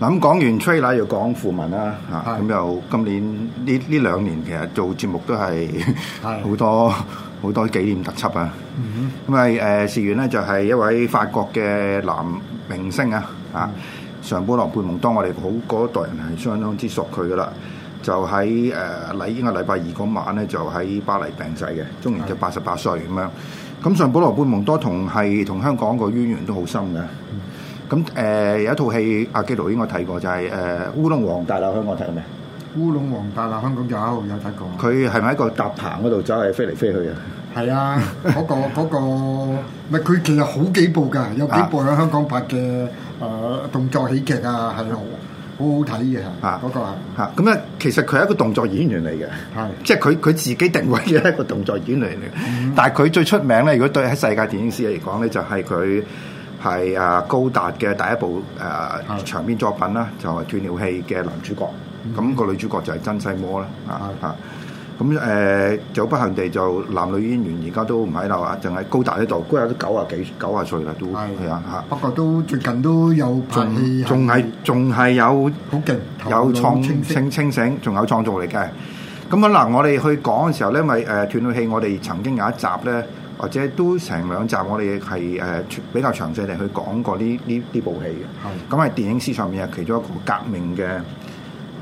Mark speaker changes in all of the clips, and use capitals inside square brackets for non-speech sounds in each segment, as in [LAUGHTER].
Speaker 1: 諗講完吹奶，又講富民啦，嚇咁又今年呢，呢兩年其實做節目都係好多好是的 多，多紀念特輯啊，咁啊誒事緣咧就係、是、一位法國嘅男明星啊，啊尚保、嗯、羅貝蒙多，我哋好嗰代人係相當之熟佢噶啦，就喺誒禮依個禮拜二嗰晚咧就喺巴黎病逝嘅，終年嘅八十八歲咁樣。咁尚保羅貝蒙多同係同香港個淵源都好深嘅。嗯咁誒、呃、有一套戲阿基佬，應該睇過就係、是、誒、呃《烏龍王大鬧香港》睇過未？
Speaker 2: 烏龍王大鬧香港有有睇過。
Speaker 1: 佢係咪喺個搭棚嗰度走，係飛嚟飛去啊？係啊！
Speaker 2: 嗰、那個嗰佢、 [LAUGHS] 那個、其實好幾部㗎，有幾部喺香港拍嘅誒、呃、動作喜劇啊，係好好睇嘅嚇。嗰、啊那個嚇
Speaker 1: 咁咧，其實佢係一個動作演員嚟嘅，係是即係佢佢自己定位嘅一個動作演員嚟嘅。嗯、但係佢最出名咧，如果對喺世界電影史嚟講咧，就係佢。係啊，高達嘅第一部誒長篇作品啦，就係斷了氣嘅男主角，咁個女主角就係真西魔啦，啊啊，咁誒，就不幸地就男女演員而家都唔喺度啊，淨係高達呢度，高達都九啊幾九啊歲啦，都係啊吓，不過都最近都有拍戲，仲係仲係有好勁，有創清清醒，仲有創造力嘅，咁啊嗱，我哋去講嘅時候咧，因為誒斷了氣，我哋曾經有一集咧。或者都成兩集我，我哋係誒比較詳細地去講過呢呢呢部戲嘅。咁係的、嗯、電影史上面係其中一個革命嘅誒、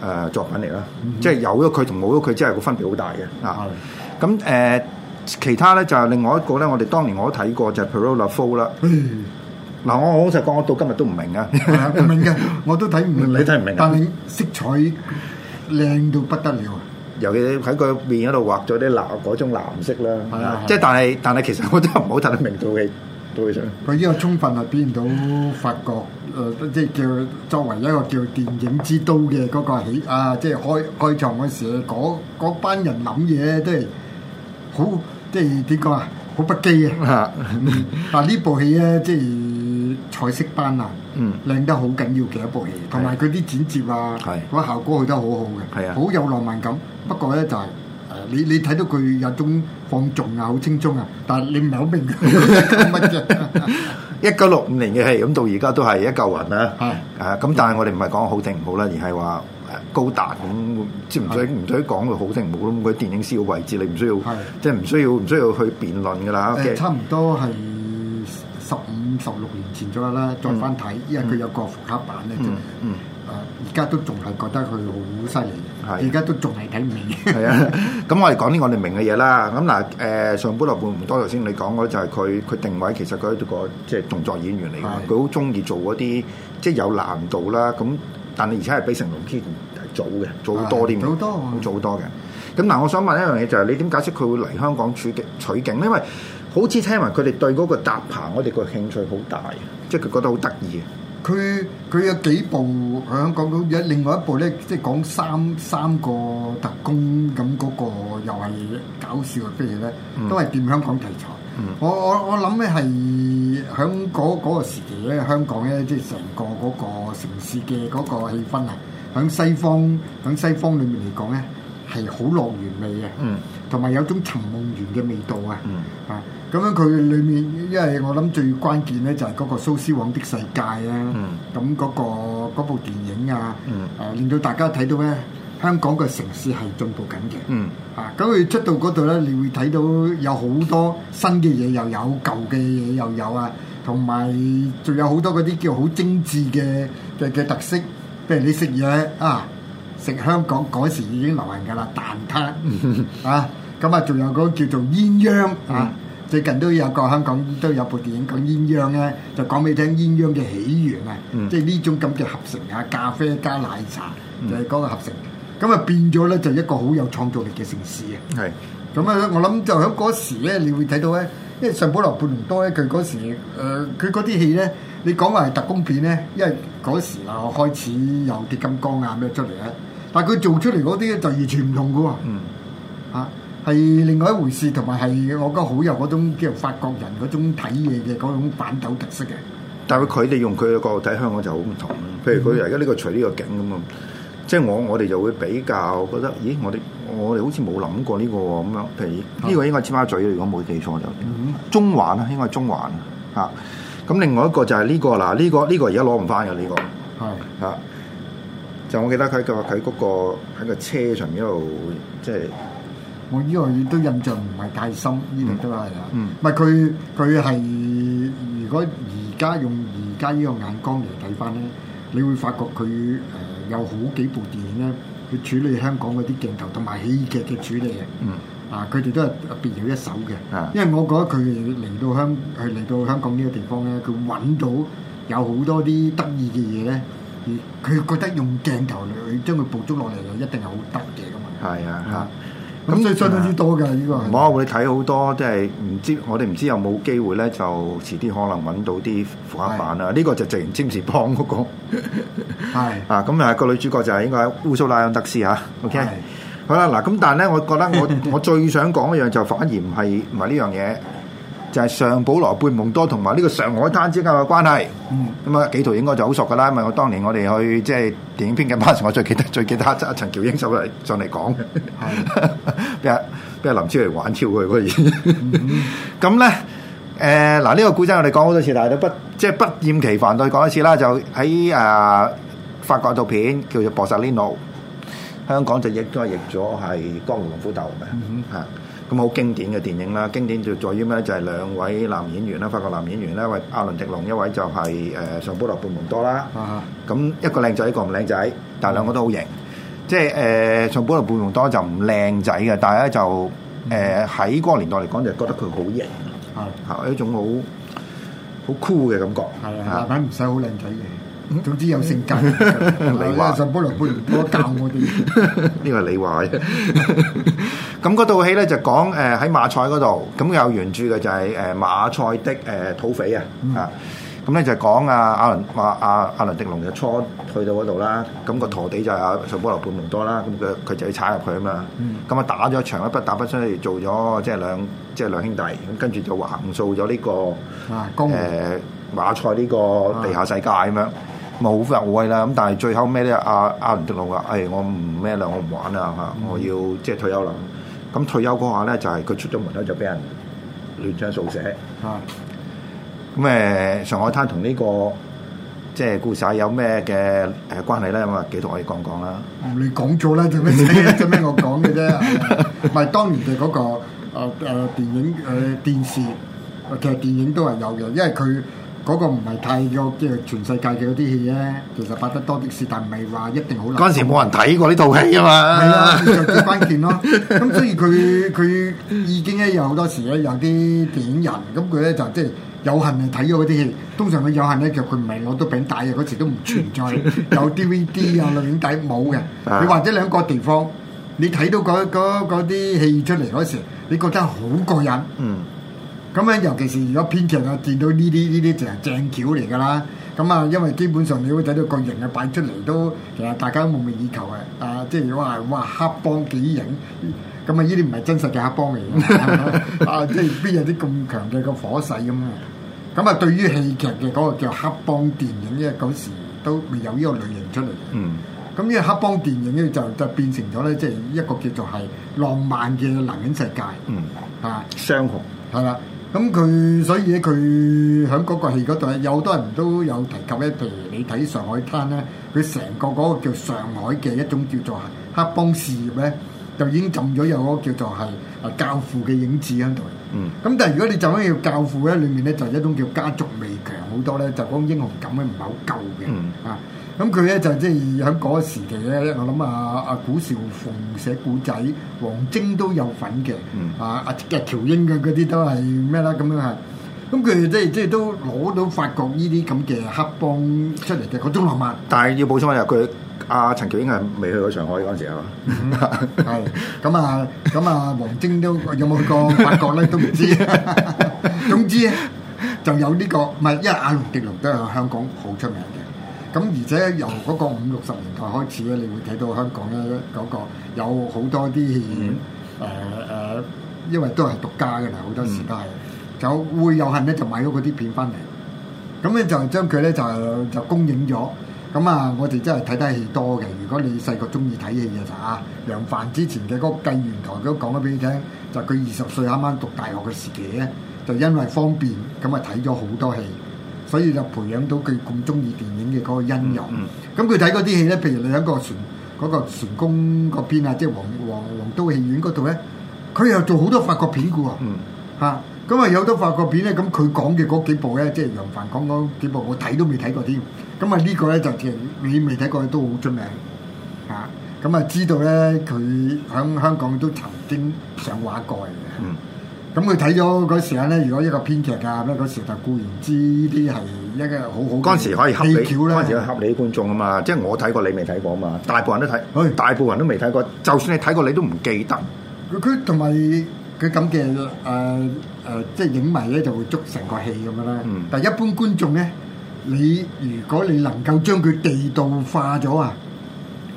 Speaker 1: 呃、作品嚟啦。即係有咗佢同冇咗佢，真係個分別好大嘅。的啊，咁、呃、誒其他咧就係、是、另外一個咧，我哋當年我都睇過就是《Pierrot le Fou》啦。嗱，我我老實講我到今日都唔明 [LAUGHS] 啊，
Speaker 2: 唔明嘅我都睇唔明，你睇唔明，但係色彩靚到不得了。
Speaker 1: 尤其喺佢面嗰度畫咗啲藍嗰種藍色啦，即係、啊、但係、啊、但係其實我都唔好睇得明到套戲，
Speaker 2: 佢呢個充分係表現到法國誒、呃，即係叫作為一個叫電影之都嘅嗰個起啊，即係開開場嗰時候，嗰嗰班人諗嘢即係好即係點講啊，好不羈啊！嗱呢部戲咧即係。彩色斑斕，靚得好緊要嘅一部嘢，同埋佢啲剪接啊，嗰效果去得好好嘅，好有浪漫感。不過咧就係你你睇到佢有種放縱啊，好輕鬆啊，但係你唔係好明佢講乜
Speaker 1: 啫。一九六五年嘅戲，咁到而家都係一嚿雲啊嘛，係啊咁。但係我哋唔係講好定唔好啦，而係話高達咁，即係唔使唔使講佢好定唔好咯。咁佢電影史嘅位置，你唔需要，即係唔需要唔需要去辯論㗎
Speaker 2: 啦。誒，差唔多係。十五、十六年前左右啦，再翻睇，因為佢有個復刻版咧，就而家都仲係覺得佢好犀利，而家都
Speaker 1: 仲係睇唔明。係啊，咁我哋講啲我哋明嘅嘢啦。咁嗱，誒，上半落半唔多，頭先你講嗰就係佢，佢定位，其實佢一個即係動作演員嚟㗎，佢好中意做嗰啲即係有難度啦。咁但係而且係比成龍之前做嘅，做多啲嘅，做多，做好多嘅。咁嗱，我想問一樣嘢就係你點解釋佢會嚟香港取景？取景因為
Speaker 2: 好似聽埋佢哋對嗰個搭
Speaker 1: 棚，我哋個興趣好大，即係佢覺得好得意嘅。
Speaker 2: 佢佢有幾部響講到，有、嗯、另外一部咧，即係講三三個特工咁嗰個，又係搞笑嘅飛嘅咧，嗯、都係掂香港題材。嗯、我我我諗咧係響嗰嗰個時期咧，香港咧即係成個嗰個城市嘅嗰個氣氛啊，響西方響西方裡面嚟講咧係好樂園味嘅。嗯同埋有種尋夢園嘅味道啊！嗯、啊，咁樣佢裏面，因為我諗最關鍵咧就係、係、嗰個《蘇絲黃的世界》啊，咁嗰、嗯啊嗰個部電影啊，誒、嗯啊、令到大家睇到咧，香港嘅城市係進步緊嘅。嗯、啊，咁佢出到嗰度咧，你會睇到有好多新嘅嘢，又有舊嘅嘢又有啊，同埋仲有好多嗰啲叫好精緻嘅嘅嘅特色，譬如你食嘢啊。食香港嗰時已經流行㗎啦，蛋撻 [LAUGHS] 啊，咁啊仲有個叫做鴛鴦嗯。啊，最近都有個香港都有部電影講鴛鴦咧，就講俾你聽鴛鴦嘅起源啊，嗯、即係呢種咁嘅合成啊，咖啡加奶茶就係、是、嗰個合成，咁啊、嗯、變咗咧就一個好有創造力嘅城市啊。係是，咁啊、嗯、我諗就喺嗰時咧，你會睇到咧，因為尚保羅·貝蒙多咧，佢嗰時誒佢嗰啲戲咧。你講話係特工片咧，因為嗰時我開始有鐵金剛啊咩出嚟咧，但係佢做出嚟嗰啲就完全唔同嘅喎，嚇係、嗯啊、另外一回事，同埋係我覺得好有嗰種叫法國人嗰種睇嘢嘅嗰種版鬥特色嘅。
Speaker 1: 但係佢哋用佢嘅角度睇香港就好唔同。譬如佢而家呢個除呢、嗯、個景咁啊，即係我我哋就會比較覺得，咦，我哋我哋好似冇諗過呢、呢個喎咁樣。譬如呢個應該係尖沙咀，如果冇記錯就、嗯嗯、中環啦，應該係中環啊。咁另外一個就係呢個啦，呢個呢個而家攞唔翻嘅呢個，係啊，就我記得佢、嗰個喺嗰個喺個車上邊度，即、就、
Speaker 2: 係、是、我呢個都印象唔係太深，呢、這個都係啊，唔係佢佢係如果而家用而家呢個眼光嚟睇翻咧，你會發覺佢誒、呃、有好幾部電影咧，佢處理香港嗰啲鏡頭同埋喜劇嘅處理啊。嗯啊！佢哋都係別有一手嘅，因為我覺得佢嚟到香佢嚟到香港呢個地方咧，佢揾到有好多啲得意嘅嘢，而佢覺得用鏡頭嚟將佢捕捉落嚟，就一定係好得意
Speaker 1: 嘅
Speaker 2: 嘛。係、嗯、啊，嚇！咁你相當之
Speaker 1: 多㗎，呢、嗯、個冇啊！我會睇好多即係唔知，我哋唔知有冇機會咧，就遲啲可能揾到啲副黑板是啊！呢個就《直言占士邦》嗰個係啊！咁啊，個女主角就係應該烏蘇拉·安德斯嚇，OK。好啦，嗱咁，但係咧，我覺得我我最想講一樣就反而唔係唔係呢樣嘢，就係尚保羅貝蒙多同埋呢個上海灘之間嘅關係。咁啊幾套應該就好熟噶啦，因為我當年我哋去即係電影編劇班時，我最記得最記得阿陳喬英上嚟上嚟講嘅。邊個邊個林超嚟玩超佢嗰個嘢？咁咧誒嗱，呢個古仔我哋講好多次，但係不即係不厭其煩，再講一次啦。就喺誒法國套片叫做《博薩利諾》。香港就亦都係譯咗係《江湖龍虎鬥》嘅嚇，咁好經典嘅電影啦。經典就在於咩？就係兩位男演員啦，法國男演員啦，一位阿倫迪龍，一位就係誒尚保羅貝蒙多啦。咁一個靚仔，一個唔靚仔，但係兩個都好型。即係誒尚保羅貝蒙多就唔靚仔嘅，但係咧就誒喺嗰個年代嚟講，就覺得佢好型啊！係一種好好酷嘅感覺。係啊，男仔唔使好靚仔嘅。
Speaker 2: 總之 [LAUGHS] 惑 [LAUGHS] [LAUGHS] 有性格，你話尚保羅貝蒙多
Speaker 1: 教我哋，呢個係你話。咁嗰套戲咧就講誒喺馬賽嗰度，咁有原著嘅就係誒馬賽的誒土匪、嗯、啊，啊咁咧就講阿倫阿倫馬阿阿倫狄龍嘅初去到嗰度啦，咁、那個陀地就係阿尚保羅貝蒙多啦，咁佢佢就要踩入去吖嘛。咁啊、嗯嗯、打咗一場一不打不相識，做咗即係兩即係兩兄弟，咁跟住就橫掃咗呢個誒、啊啊、馬賽呢個地下世界咁樣。啊冇入位啦，咁但係最後尾咧，阿阿林迪龍話，誒，我唔咩啦，我唔玩啦嚇，我要即係退休啦。咁退休嗰下咧，就係佢出咗門口就俾人亂槍掃射嚇。咁誒，上海灘同呢個即係故事有咩嘅誒關係咧？咁啊，幾多可以講講啦？
Speaker 2: 唔理講咗啦，做咩做咩我講嘅啫？唔係當年嘅嗰個誒誒電影誒電視其實電影都係有嘅，因為佢。嗰個唔係太個即係全世界嘅嗰啲戲咧，其實拍得多啲事，但唔係話一定好。嗰陣時冇人睇過呢套戲啊嘛，係啊， [LAUGHS] [LAUGHS] 最關鍵咯。咁所以佢佢已經咧有好多時咧有啲電影人，咁佢咧就即係、就是、有幸係睇咗嗰啲戲。通常佢有幸咧，其實佢唔係攞到餅帶，嗰時都唔存在 [LAUGHS] 有 DVD 啊，餅底冇嘅。的你或者兩個地方，你睇到嗰啲戲出嚟嗰時，你覺得好過癮。嗯。咁樣、嗯、尤其是如果編劇啊，見到呢啲呢啲就係正橋嚟㗎啦。咁啊，因為基本上你會睇到個型嘅擺出嚟都其實大家都夢寐以求嘅。啊，即係哇哇黑幫幾型，咁啊呢啲唔係真實嘅黑幫嚟㗎。啊， [LAUGHS] [LAUGHS] 啊即係邊有啲咁強嘅個火勢咁啊？咁啊，對於戲劇嘅嗰個叫黑幫電影咧，嗰時都未有呢個類型出嚟。嗯。咁呢個黑幫電影咧就就變成咗咧，即、就、係、是、一個叫做係浪漫嘅男人世界。嗯。嗯啊。雙雄係啦。嗯。咁佢所以咧，佢喺嗰個戲嗰度咧，有好多人都有提及咧，譬如你睇《上海灘》咧，佢成個嗰個叫上海嘅一種叫做黑幫事業咧，就已經浸咗有個叫做係教父嘅影子喺度。嗯。咁但係如果你就咁要教父咧裏面咧，就一種叫家族味強好多咧，就講英雄感咧唔係好夠嘅、嗯、啊。咁佢咧就即係喺嗰個時期咧，我諗啊阿古兆鳳寫古仔，王晶都有份嘅，啊啊陳喬英嘅嗰啲都係咩啦咁樣啊！咁佢即係即係都攞、就是就是、到法國呢啲咁嘅黑幫出嚟嘅嗰種浪漫。
Speaker 1: 但係要補充翻入去，阿陳喬英係未去過上海嗰陣時係嘛？
Speaker 2: 係咁啊咁啊，王晶都有冇去過法國咧都唔知。總之就有呢、這個，唔係因為阿龍定龍都喺香港好出名。咁而且由嗰個五六十年代開始咧，你會睇到香港咧嗰個有好多啲戲院誒誒，嗯呃、因為都係獨家嘅啦，好多時都係、嗯、就會有幸咧，就買咗嗰啲片翻嚟，咁咧就將佢咧就就公映咗。咁啊，我哋真係睇得戲多嘅。如果你細個中意睇戲嘅話，楊凡之前嘅嗰個《繼園臺》都講咗俾你聽，就佢、是、二十歲啱啱讀大學嘅時期咧，就因為方便咁啊睇咗好多戲。所以就培養到佢咁中意電影嘅嗰個欣容，咁佢睇嗰啲戲咧，譬如你喺個船嗰、嗰個、船工嗰邊啊，即係黃黃黃都戲院嗰度咧，佢又做好多法國片嘅喎，嚇、嗯！咁啊有好多法國片咧，咁佢講嘅嗰幾部咧，即係楊凡講嗰幾部我，我睇、就是、都未睇過添。咁啊呢個咧就即係你未睇過都好出名，嚇、啊！咁啊知道咧佢喺香港都曾經上畫過嘅。嗯。咁佢睇咗嗰時間咧，如果一個編劇啊，咩嗰時就固然知呢啲係一個好好技巧啦。嗰陣時可以
Speaker 1: 恰你觀眾啊嘛，即係我睇過你未睇過啊嘛。大部分都睇，的大部分都未睇過。就算你睇過，你都唔記得。
Speaker 2: 佢佢同埋佢咁嘅誒誒，即係影迷咧就會捉成個戲咁樣啦。嗯、但係一般觀眾咧，你如果你能夠將佢地道化咗啊！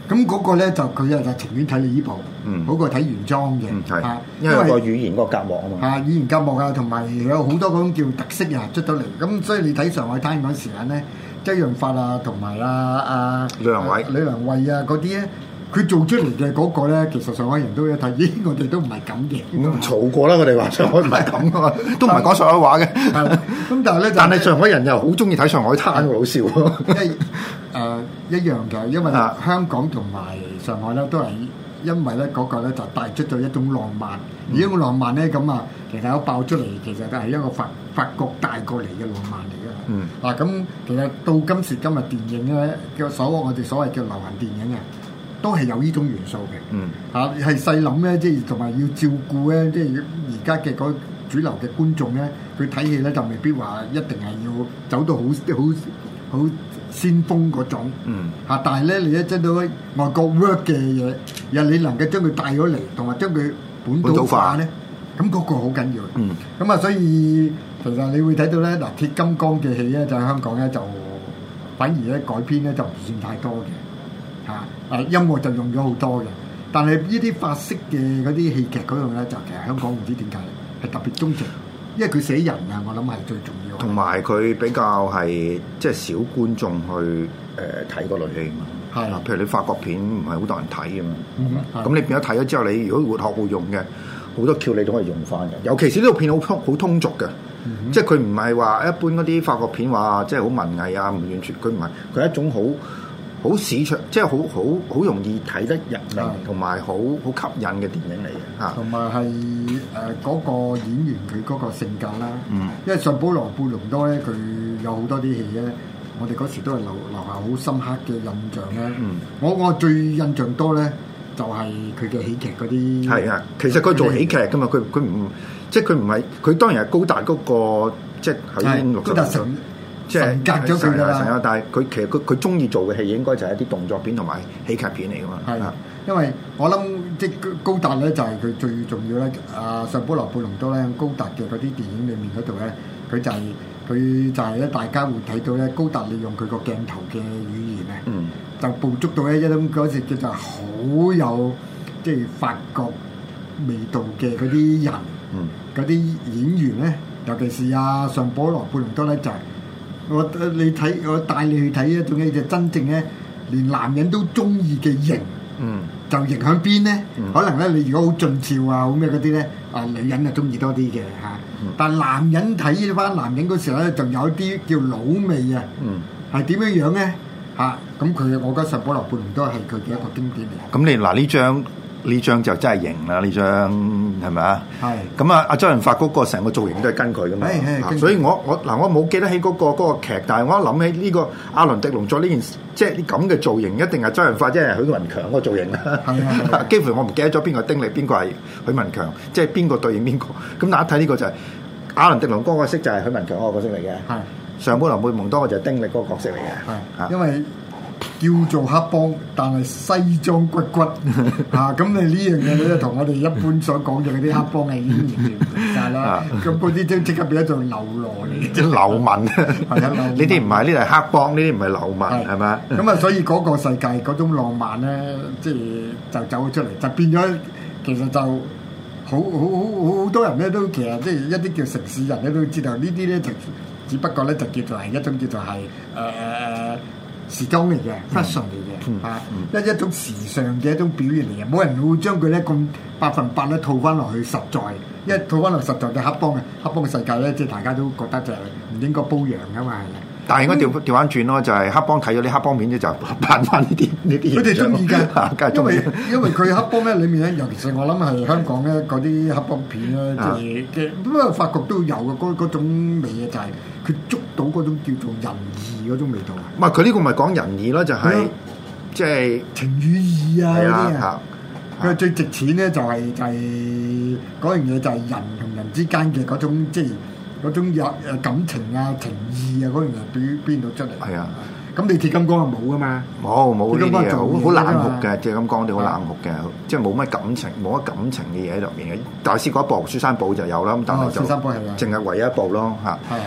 Speaker 2: 咁嗰個咧就佢又就情願睇你呢部，嗰個睇原裝嘅，嗯、因為個
Speaker 1: 語言嗰個隔膜啊嘛，嚇、
Speaker 2: 啊、語言隔膜啊，同埋有好多嗰種叫特色啊出到嚟，咁所以你睇上海灘嗰時間咧，周潤發啊，同埋啊啊呂良偉、呂良偉啊嗰啲咧。佢做出嚟嘅嗰個咧，其實上海人都一睇，咦？我哋都唔係咁嘅。嘈過啦，佢哋話上海唔係咁嘅， [LAUGHS] 都唔係講上海話嘅。咁但係咧，但係 [LAUGHS] 上海人又好鍾意睇上海灘好的笑喎一、 [LAUGHS] 呃。一樣嘅，係因為香港同埋上海咧，都係因為咧嗰個咧就帶出咗一種浪漫。嗯、而呢種浪漫咧咁、嗯、啊，其實都爆出嚟，其實係一個法法國帶過嚟嘅浪漫嚟嘅。嗱咁其實到今時今日，電影咧叫所謂我哋所謂叫流行電影嘅。都係有呢種元素嘅，嚇係細諗咧，即係同埋要照顧咧，即係而家嘅主流嘅觀眾咧，佢睇戲咧就未必話一定係要走到好啲好好先鋒嗰種，嚇、嗯啊！但係咧你一真到外國 work 嘅嘢，若你能夠將佢帶咗嚟，同埋將佢本土化咧，咁嗰個好緊要。咁、嗯、啊，所以其實你會睇到咧，嗱，鐵金剛嘅戲咧，就喺香港咧就反而咧改編咧就唔算太多嘅。啊！音樂就用咗好多嘅，但係呢啲法式嘅嗰啲戲劇嗰樣咧，就其實香港唔知點解係特別鍾情，因為佢寫人啊，我諗係最重要。
Speaker 1: 同埋佢比較係即係小觀眾去誒睇嗰類戲嘛。係啦，譬如你法國片唔係好多人睇嘅嘛，咁的你變咗睇咗之後，你如果活學活用嘅，好多橋你都可以用翻嘅。尤其是呢部片好通好通俗嘅，的即係佢唔係話一般嗰啲法國片話即係好文藝啊，唔完全佢唔係，佢係一種好。好市場，即係好好好容易睇得入嚟，同埋好好吸
Speaker 2: 引嘅電影嚟嘅嚇。同埋係誒嗰個演員佢嗰個性格啦，嗯、因為上普羅布隆多尚保羅貝蒙多咧，佢有好多啲戲咧，我哋嗰時都係留留下好深刻嘅印象咧。嗯、我我最印象多咧，就係佢嘅喜劇嗰啲。係啊，其實佢做喜劇㗎嘛，佢佢唔即係佢唔係佢當然係高達嗰、嗰
Speaker 1: 個即係喺六十的。嗯
Speaker 2: 即隔咗佢啦，
Speaker 1: 但係佢其實佢佢中意做嘅戲應該就係一啲動作片同埋喜劇片嚟噶嘛。係
Speaker 2: 是，是因為我諗即係高達咧就係、是、佢最重要咧。阿、啊、尚保羅貝蒙多咧，高達嘅嗰啲電影裏面嗰度咧，佢就係、是、佢就係咧大家會睇到咧，高達利用佢個鏡頭嘅語言咧，嗯、就捕捉到咧一陣時佢就好有即係法國味道嘅嗰啲人，嗰啲、嗯、演員咧，尤其是阿、啊、尚保羅貝蒙多咧就係、是。我你睇我帶你去睇一種嘅就真正咧，連男人都中意嘅型，嗯，就型喺邊咧？可能咧你如果好俊俏啊，好咩嗰啲咧，啊女人就中意多啲嘅嚇。但係男人睇呢返男人嗰時候咧，仲有啲叫老味啊，嗯，係點樣樣咧？嚇，咁佢嘅我覺得尚保羅·貝蒙多都係佢嘅一個經典嚟。
Speaker 1: 咁你嗱呢張？呢張就真係型啦，呢張係咪啊？係。咁啊是，阿周潤發嗰個成個造型都係跟佢噶嘛。所以我我嗱，我冇記得起嗰、那個嗰、那個、劇，但係我一諗起呢、這個阿倫迪龍作呢件，即係啲咁嘅造型一定係周潤發即係、就是、許文強個造型啦。 [LAUGHS] 幾乎我唔記得咗邊個丁力，邊個係許文強，即係邊個對應邊個。咁大家睇呢個就係、是、阿倫迪龍嗰個色就係許文強個角色嚟嘅。係是。尚保羅貝蒙多就係丁力嗰個角色嚟嘅。係
Speaker 2: 是。是因為。叫做黑幫，但係西裝骨骨 [LAUGHS] 啊！咁你呢樣嘢咧，同我哋一般所講嘅嗰啲黑幫嘅已經唔同曬啦。咁嗰啲即即刻變一做流浪，
Speaker 1: 即流民。呢啲唔係，呢啲係黑幫。呢啲唔係流民，係咪？咁啊，
Speaker 2: 所以嗰個世界嗰種浪漫咧，即係就走出嚟，就變咗。其實就好好好好多人咧，都其實即係一啲叫城市人咧，都知道呢啲咧，就只不過咧，就叫做係一種叫做係誒誒。呃呃呃呃時裝嚟嘅，Fashion 嚟嘅，一一種時尚嘅一種表現嚟嘅，冇人會將佢咧咁百分百咧套翻落去實在，因為套翻落實在嘅黑幫嘅黑幫嘅世界咧，即係大家都覺得就係唔應該褒揚噶嘛。但係應該調
Speaker 1: 調翻轉咯，就係、是、黑幫睇咗啲黑
Speaker 2: 幫片咧，就拍翻呢啲呢啲佢哋中意㗎， [LAUGHS] 因為 [LAUGHS] 因為佢黑幫咧裡面咧，尤其是我諗係香港咧嗰啲黑幫片咧，即係嘅，不過、嗯嗯、法國都有嘅嗰嗰種味就係、是。佢捉到嗰種叫做仁義嗰種味道啊！
Speaker 1: 唔係佢呢個咪講仁義咯，就係
Speaker 2: 即係情與義啊嗰啲啊。佢為最值錢咧就係就係嗰樣嘢就係人同人之間嘅嗰種即係嗰種感情啊、情義啊嗰樣嘢表表到出嚟。係啊，咁你鐵金剛係冇噶嘛？
Speaker 1: 冇冇啲嘢好好冷酷嘅，鐵金剛你好冷酷嘅，即係冇乜感情，冇乜感情嘅嘢喺入面嘅。大師嗰一部《雪山堡》就有啦。咁但係就雪山堡係咪？淨係唯一一部
Speaker 2: 咯嚇。係。